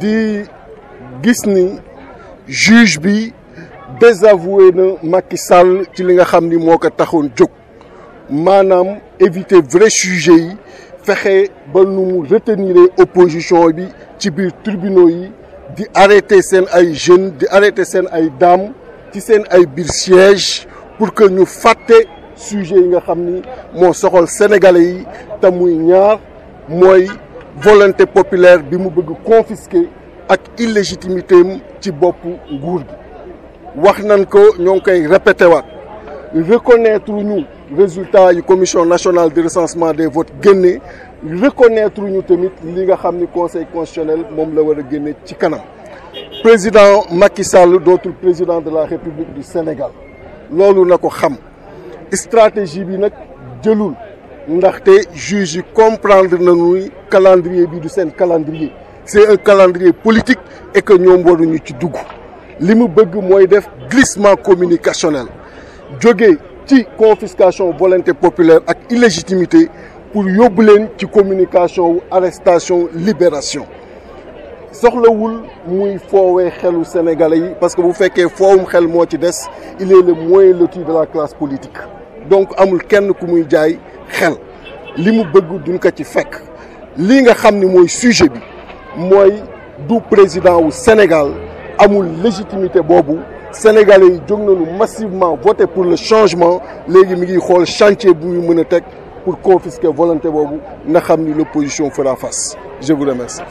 di gis ni juge bi désavoué na Macky Sall ci li nga xam ni moo ko taxoon jóg maanaam éviter vrai sujet yi fexe ba nu mu retenir opposition bi ci biir tribunaux yi di arrêter seen ay jeunes di arrêter seen ay daam ci seen ay biir siège pour que ñu fàtte sujet yi nga xam ni moo soxal sénégalais yi te muy ñaar mooy volonté populaire bi mu bëgg confisquer ak illégitimité ci bopp nguur gi wax nañ ko ñoo ngi koy répété waat reconnaître ñu résultat yu commission nationale de recensement des vote génne reconnaître ñu tamit li nga xam ni conseil constitutionnel moom la war a génne ci kanam président Macky Sall dootul président de la république du Sénégal loolu na ko xam stratégie bi nag jëlul ndaxte juges yi comprendre nañu calendrier bi du seen calendrier c'est un calendrier politique et que ñoom waruñu ci dugg li mu bëgg mooy def glissement communicationnel jóge ci confiscation volonté populaire ak illégitimité pour yóbbu leen ci communication wu arrestation libération soxlawul muy foowee xelu sénégalais yi parce que bu fekkee foowum xel moo ci des il est le moins loti de la classe politique donc amul kenn ku muy jaay xel li mu bëgg duñ ko ci fekk lii nga xam ni mooy sujet bi mooy du président wu Sénégal amul légitimité boobu sénégalais yi jóg nañu massivement voté pour le changement léegi mi ngi xool chantier bu ñu mën a teg pour confisquer volonté boobu nga xam ni l'opposition fera face je vous remercie.